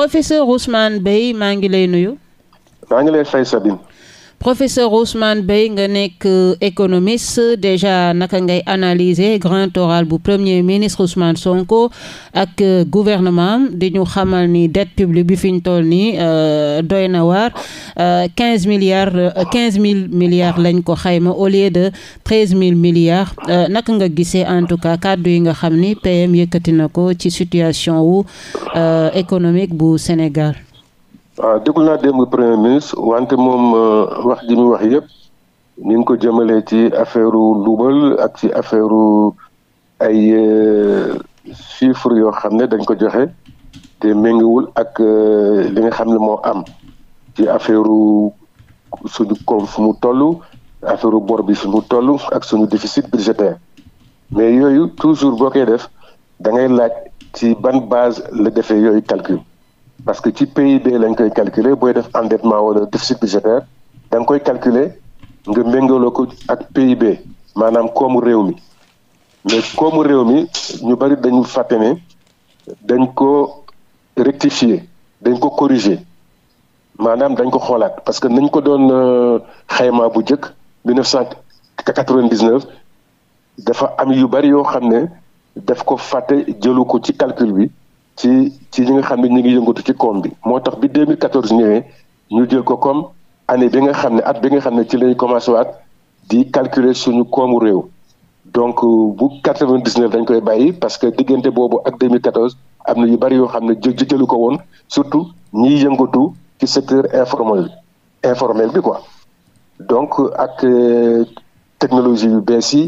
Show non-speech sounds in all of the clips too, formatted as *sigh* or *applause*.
professeur Ousmane Beye maa ngi lay nuyu. maa ngi lay fay Sabine. professeur Ousmane Beye nga nekk euh, économiste déjà naka ngay analyser grand oral bu premier ministre Ousmane Sonko ak euh, gouvernement di ñu xamal ni dette publique bi fi ñu toll nii euh, doy na waar quinze milliards quinze mille milliards lañ ko xayma au lieu de treize mille milliards naka nga gisee en tout cas kàddu yi nga xam ni PM yëkkati na ko ci situation wu économique bu Sénégal. waaw déglu naa démb premier ministre wante moom euh, wax ji mu wax yëpp ni ngi ko jëmalee ci affaire luubal ak ci affaire ay euh, chiffres yoo xam ne dañ ko joxe te méngiwul ak euh, li nga xam ne moo am ci affaire suñu koom fu mu toll affaire bor bi fi toll ak suñu déficit budgétaire mais yooyu toujours boo koy def da ngay laaj ci ban base la defee yooyu calcul parce que ci PIB lañ koy calculer booy def endettement wala déficit budgétaire da nga koy calculer nga méngaloo ko ak PIB maanaam koomu réew mi mais koomu réew mi ñu bari dañu fàtte ne dañ ko rectifier dañ ko corriger maanaam dañ ko xoolaat parce que nañ ko doon euh, xayma bu njëkk 1999 dafa am yu bari yoo xam ne daf ko fàtte jëlu ko ci calcule bi ci ci ñi nga xam ne ñu ngi yëngatu ci koom bi moo tax bi 2014 ñëwee ñu jël ko comme année bi nga xam ne at bi nga xam ne ci lañu commencé waat di calculer suñu koomu réew donc bu 99 dañ koy bàyyi parce que diggante boobu ak 2014 am na yu bari yoo xam ne jë jëlu ko woon surtout ñiy yëngatu ci secteur informel bi informel bi quoi donc ak euh, technologie yu bees yi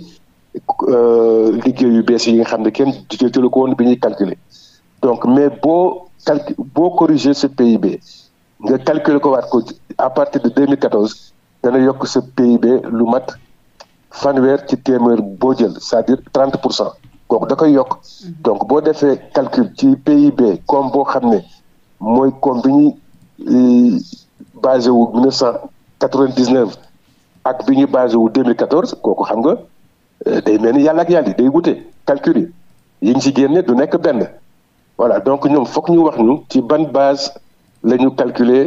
euh, liggéey yu bees yi nga xam ne kenn jëlu ko woon bi ñuy calculer donc mais boo calcu boo corriger ce PIB nga calculer ko waat ko à partir de 2014 dana yokk sa PIB lu mat fanweer ci téeméer boo jël cest à pour cent kooku da koy yokk boo defee calcul ci PIB comme boo xam ne mooy comme bi ñuy euh, basé wu 1999 ak bi ñuy basé wu 2014 kooku xam nga euh, day mel ni yàlla ak yàlla day wute calcul yi yi ñu si génne du nekk benn. voilà donc ñoom foog ñu wax ñu ci ban base la ñu calculer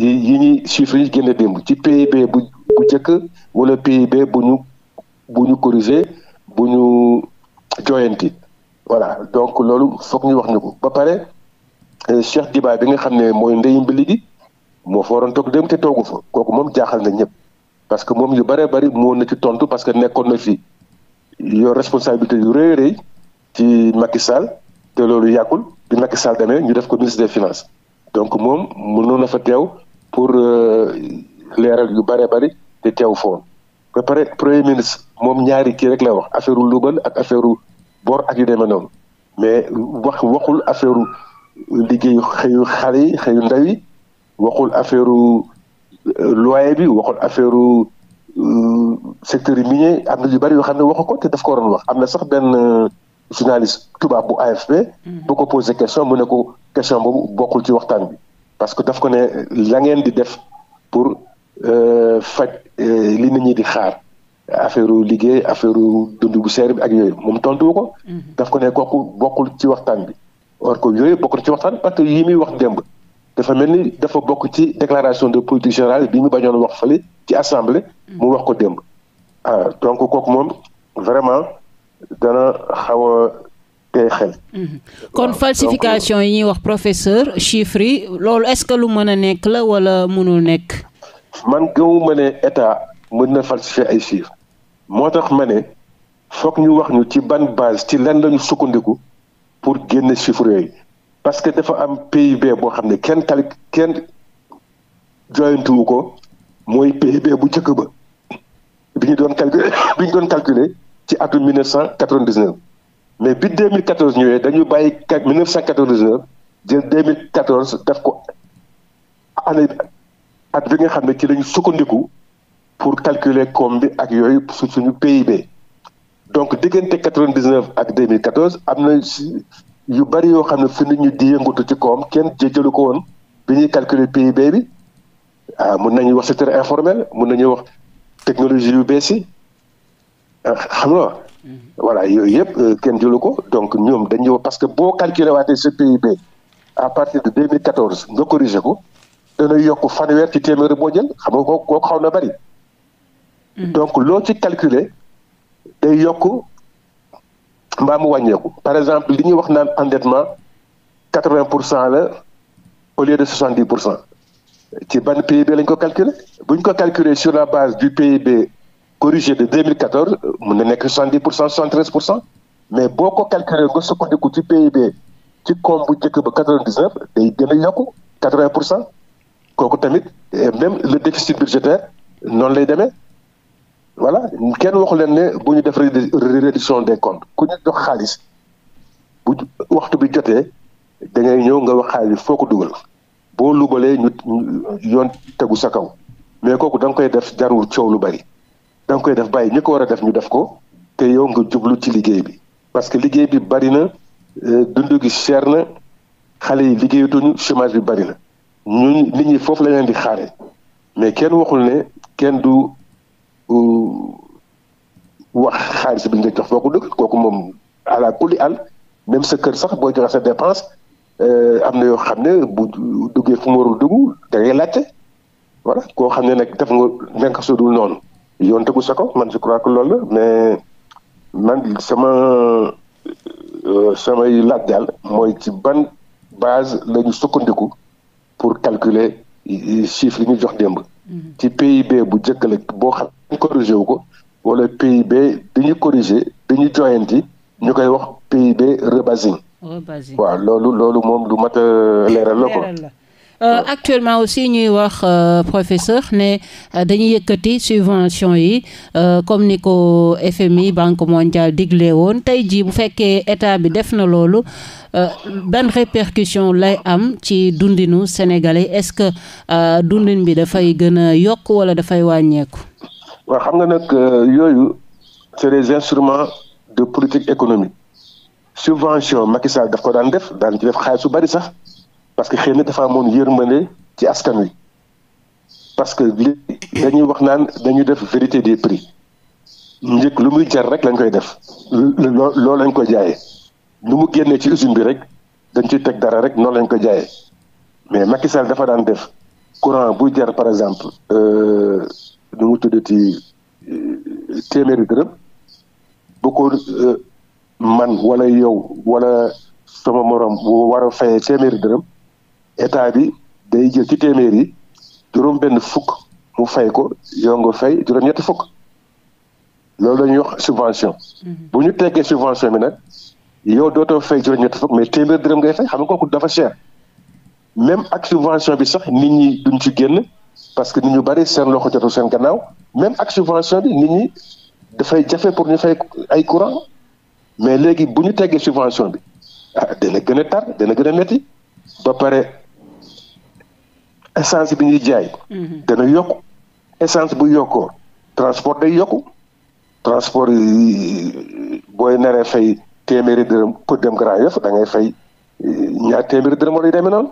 yi yi ñuy chiffres yi génn démb ci PIB bu bu njëkk wala PIB bu ñu bu ñu corrigé bu ñu joyanti voilà donc loolu foog ñu wax ñu ko ba pare euh, Cheikh Diba bi nga xam ne mooy ndeyu mbili gi moo foo waroon toog dem te toogu fa kooku moom jaaxal na ñëpp parce que moom yu bëree bari moo na ci tontu parce que nekkoon na fi yor responsabilité yu rëy rëy ci Macky Sall te loolu yàggul bi Macky Sall demee ñu def ko ministre de finance donc moom mënoon na fa teew pour euh, leeral yu bëree bari te teew foon ba pare premier ministre moom ñaari kii rek la wax affaire luubal ak affaire bor ak yu demee noonu mais wax waxul affaire liggéeyu xëyu xale yi xëyu ndaw yi waxul affaire euh, loyer bi waxul affaire euh, secteur yi minier am na yu bari yoo xam ne waxu ko te daf ko waroon wax am na sax benn. journaliste tubaab bu AFP. Mhm. bu ko posé question mu ne ko question boobu bokkul ci waxtaan bi. parce que daf ko ne langeen di def pour euh, faj euh, li nit ñi di xaar affaire liggéey affaire dund bu seer bi ak yooyu moom tontu ko. Mhm. daf ko ne kooku bokkul ci waxtaan bi. or ko yooyu bokkul ci waxtaan parce que yi muy wax démb dafa mel ni dafa bokk ci déclaration de politique générale bi mu bañoon wax fële ci assemblée. Mhm. mu wax ko démb. ah donc kook moom dana xaw a tey xel. Mhm. kon falsification yi ñuy wax professeur chiffres yi loolu est-ce que lu mën a nekk la wala mënul nekk. man gëmuma ne état mën na falsifier ay chiffres moo tax ma ne foog ñu wax ñu ci ban base ci lan lañu sukkandiku pour génn chiffres parce que dafa am PIB boo xam ne kenn tali kenn joyantuwu ko mooy PIB bu njëkk ba bi ñu doon calculer *coughs* bi ñu doon calculer. ci atum 1999 mais bi 2014 ñëwee dañu bàyyi 1999 jël 2014 def ko année at bi nga xam ne ci lañu sukkandiku pour calculer koom bi ak yooyu su suñu PIB donc diggante 99 ak 2014 am na yu bari yoo xam ne fi nit ñu di yëngatu ci koom kenn jëjëlu ko woon bi ñuy calculer PIB bi ah mun nañuy wax secteur informel mun nañu wax technologie yu bees yi Euh, xam nga mhm. voilà yooyu yëpp euh, kenn jëlu ko donc ñoom dañu parce que boo calculer waatee ce PIB à partir de 2014 nga corrigé ko dana yokk fanweer ci téeméeri boo jël xam nga kooku kooku xaw na bari. Mhm. donc loo ci calculer day yokk mbaa mu wàññeeku. par exemple li ñu wax naan endettement quatre vingt pour cent la au lieu de soixante dix pour cent ci ban PIB lañ ko calculer bu ñu ko calculer sur la base du PIB. corrigé de 2014 mun na nekk 70 pour cent 73 pour cent mais boo ko calculé nga sukkandiku ci PIB ci koom bu njëkk ba 99 day gën a yokku 80 pour cent kooku tamit eh, même le déficit budgétaire noonu lay demee voilà kenn waxu leen ne bu ñu def réduction des comptes ku ñu jox xaalis bu waxtu bi jotee dangay ñëw nga wax xaalis foo ko dugal boo lubalee ñu yoon tegu sa kaw mais kooku da nga koy def jarul coow lu bari. da koy def bàyyi ñu ko war a def ñu def ko te yow nga jublu ci liggéey bi parce que liggéey bi bari na euh, dund gi cher na xale yi liggéeyatuñu chômage bi bari na ñun nit ñi foofu la di xaare mais kenn waxul ne kenn du euh, wax xaalis bi ñu lay jox foo kooku moom ala kulli al même sa kër sax boo joxe sa dépense euh, am na yoo xam ne bu duggee fu mu warul dugg da ngay laajte koo xam ne nag def nga nekk su dul noonu. yoon tegu sa ko man je crois que loolu la mais man sama euh, samay laaj daal mooy ci ban base la ñu sukkandiku pour calculer chiffre yi ñu jox démb. Mhm. ci PIB bu njëkk la boo xam ne wu ko wala PIB bi ñu corrigé bi ñu koy wax PIB rebasing. waaw loolu loolu moom lu mat leeral la ko. Euh, actuellement aussi ñuy wax euh, professeur ne euh, dañuy yëkkati subvention yi comme ni ko FMI banque mondiale digle woon tey jii bu fekkee état bi def na loolu ban répercussion lay am ci dundinu sénégalais est-ce que dundin bi dafay gën a yokk wala dafay wàññeeku. waaw xam nga nag yooyu c'est des instruments de politique économique subvention Macky daf ko daan def daan ci def xaalis su bari sax. parce que xëy na dafa amoon yërmande ci askan wi parce que li dañuy wax naan dañu def vérité des prix njëkk lu muy jar rek lañ koy def loo lañ ko jaayee lu mu génnee ci usine bi rek dañ ciy teg dara rek noonu lañ ko jaaye mais Macky Sall dafa daan def courant buy jar par exemple euh, nu mu tuddati euh, téeméeri dërëm bu ko euh, man wala yow wala sama morom war a fayee téeméeri dërëm état bi day jël ci téeméer yi juróom benn fukk mu fay ko yow nga fay juróom ñetti fukk loolu la ñuy wax subvention mhm. bu ñu teggee subvention bi nag yow dootoo fay juróom ñetti fukk mais téeméer dërëm ngay fay xam nga kooku dafa cher même ak subvention bi sax nit ñi duñ ci génn parce que nit ñu bari seen loxo jotul seen gannaaw même ak subvention bi nit ñi dafay jafe pour ñu fay ay courant mais léegi bu ñu teggee subvention bi ah dana tar dana gën a métti ba pare essence bi ñuy jaay. Mhm. dana yokk essence bu yokkoo transport day yokku transport yi booy naree fay téeméeri dërëm pour dem Grand Yoff da fay eh, ñaar téeméeri dërëm wala yu demee noonu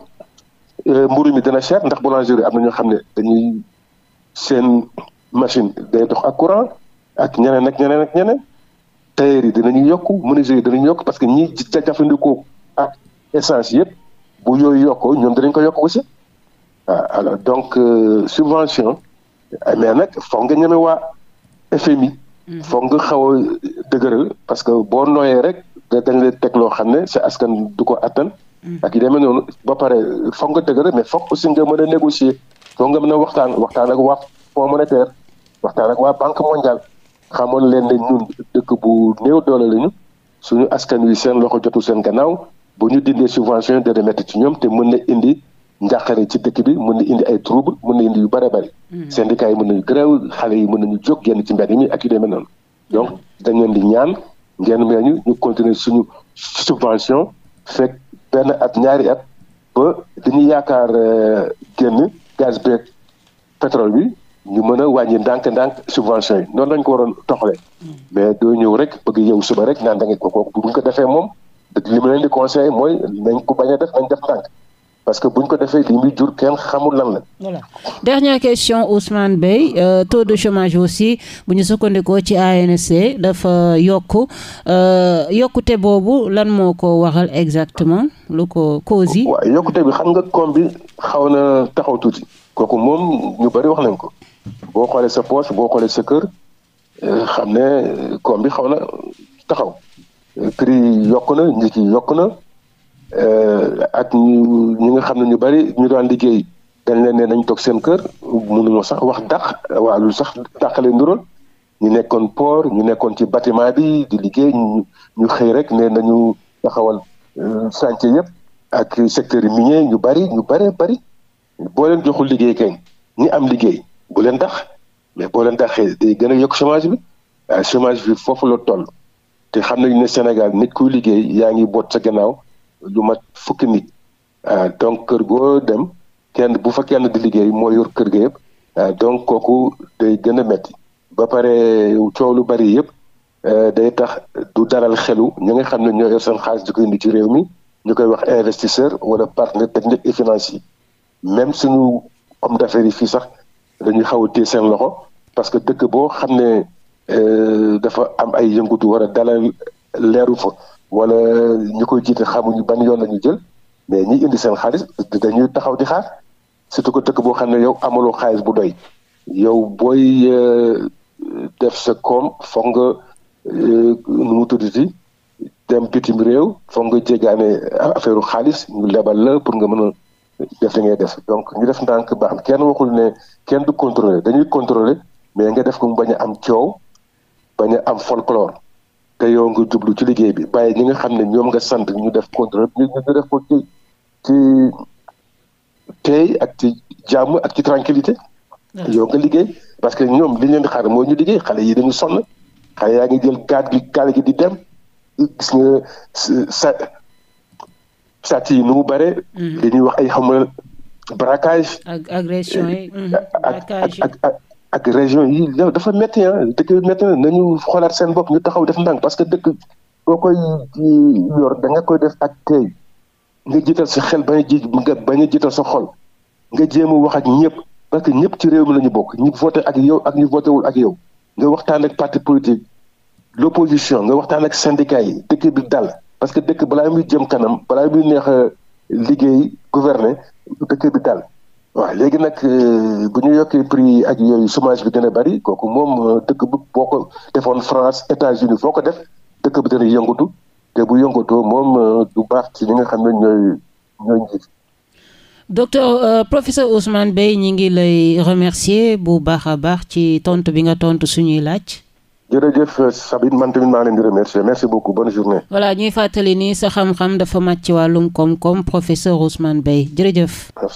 eh, mburu mi dana cher ndax boulangerie am na ñoo xam ne dañuy seen machine day dox ak courant ak ñeneen ak ñeneen ak ñeneen tailleur yokk menuisier yi dinañu yokk parce que ñi jafandikoo ak essence yëpp bu yooyu yokkoo ñoom dinañ ko yokk aussi. Ah, alors donc euh, subvention ah, mais nag foog nga ñeme waa FMI. Hmm. foog nga xaw a dëgëral parce que boo nooyee rek dañ lay teg loo xam ne sa askan du ko attan. Hmm. ak yi demee noonu ba pare foog nga dëgëral mais foog aussi nga mën a négocier foog nga mën a waxtaan waxtaan ak waa Fonds monétaire waxtaan ak waa Banque mondiale xamoon leen ne dëkk bu néew doole lañu suñu askan wi seen loxo jotul seen gannaaw bu ñu dindee subvention de remettre ci ñoom te mën na indi. njàqare ci dëkk bi mën na indi ay trouble mën na indi yu bare bari hmm. syndicat yi mën na grève xale yi mën nañu jóg génn ci mbedd yi ak yu demee noonu donc leen di ñaan ngeen mee ñu ñu suñu subvention fekk benn at ñaari at dañuy yaakaar euh, génn gaz beeg pétrole bi ñu mën a wàññi ndànk-ndànk subvention yi noonu lañ ko waroon toxalee hmm. mais doo ñëw rek bëgg yow suba rek naan da nga ko kooku bu ñu ko defee moom li mu leen di conseillé mooy nañ ko bañ a def nañ def ndànk parce que buñ ko defee li muy jur kenn xamul lan la. voilà dernière question Ousmane Beye euh, taux de chômage aussi bu ñu sukkandikoo ci ANC dafa yokk euh, yokkute boobu lan moo ko waral exactement lu ko cause yi. waaw yokkute bi xam nga koom bi xaw na taxaw tuuti. kooku moom ñu bari wax nañ ko. boo xoolee sa poche boo xoolee sa kër euh, xam ne bi xaw na taxaw. Euh, prix na. Euh, ak ñu ñi nga xam ne ñu bari ñu daan liggéey dañ leen ne nañ toog seen kër moo sax wax dax waa lu sax dàqale ndural ñu nekkoon poor ñu nekkoon ci bâtiment bi di liggéey ñu xëy rek ne nañu taxawal euh, chantier yëpp ak secteur minier ñu bari ñu bari bari boo leen joxul liggéey kañ ñi am liggéey bu leen dax mais boo leen daxee di gën a yokk chômage bi waaye chômage bi foofu la toll te xam nañu ne Sénégal nit kuy liggéey yaa ngi boot sa gannaaw lu mat fukki nit euh, donc kër goo dem kenn bu fa kenn di liggéey moo yor kër ga yëpp euh, donc kooku day gën a metti ba pare coow lu bari yëpp euh, day tax du daral xelu ñi nga xam ne ñoo yor seen xaalis di ko indi ci réew mi ñu koy wax investisseur wala partenaire technique et financier même suñu homme d'affaires fii sax dañuy xaw a téye seen loxo parce que dëkk boo xam ne dafa am ay yëngutu war a dalal leeru fa wala ñu koy jiite xamuñu ban yoon la ñu jël mais ñi indi seen xaalis dañuy taxaw di xaar surtout que dëkk boo xam ne yow amaloo xaalis bu doy yow booy euh, def sa koom foog nga euh, nu mu tuddati dem bitim réew foog nga jéggaane affaire xaalis ñu lebal la pour nga mën a def li ngay def donc ñu def ndànk baax na kenn waxul ne kenn du contrôler dañuy contrôler mais nga def ko mu bañ a am coow bañ a am folklore te yow nga ci liggéey bi bàyyi ñi nga xam ne ñoom nga sant ñu def contrôle ñu def ko ci ci tey ak ci jàmm ak ci tranquillité ah. yow nga liggéey parce que ñoom li leen xaar mooy ñu liggéey xale yi dañu sonn xale yaa ngi jël gaat gi gaal gi di dem gis nga sa yi nu mu bare dañuy mm-hmm. wax ay xamul mm-hmm. braquage. ak agression ak région yi dafa métti ah dëkk métti nañu xoolaat seen bopp ñu taxaw def ndànk parce que dëkk boo koy yor da nga koy def ak tey nga jiital sa xel ba a ji nga bañ a jiital sa xol nga jéem a wax ak ñëpp parce que ñëpp ci réew mi la ñu bokk ñu voté ak yow ak ñu voté ak yow nga waxtaan ak parti politique l' opposition nga waxtaan ak syndicat yi dëkk bi dal parce que dëkk balaa muy jëm kanam balaa muy neex liggéey gouverner dëkk bi dal waaw léegi nag euh, bu ñu yokkee prix ak yooyu chômage bi gën a bari kooku moom euh, dëkk bu boo ko defoon France États-Unis foo ko def dëkk bi dana yëngatu te bu yëngatoo moom euh, du baax ci ñi nga xam ne ñooy ngi lay remercier bu baax a baax ci tontu bi nga tontu suñuy laaj. jërëjëf Sabine man tamit maa leen di remercier merci beaucoup bonne journée. voilà ñuy fàttali ni sa xam-xam dafa màcc ci wàllum koom-koom professeur Ousmane Beye jërëjëf.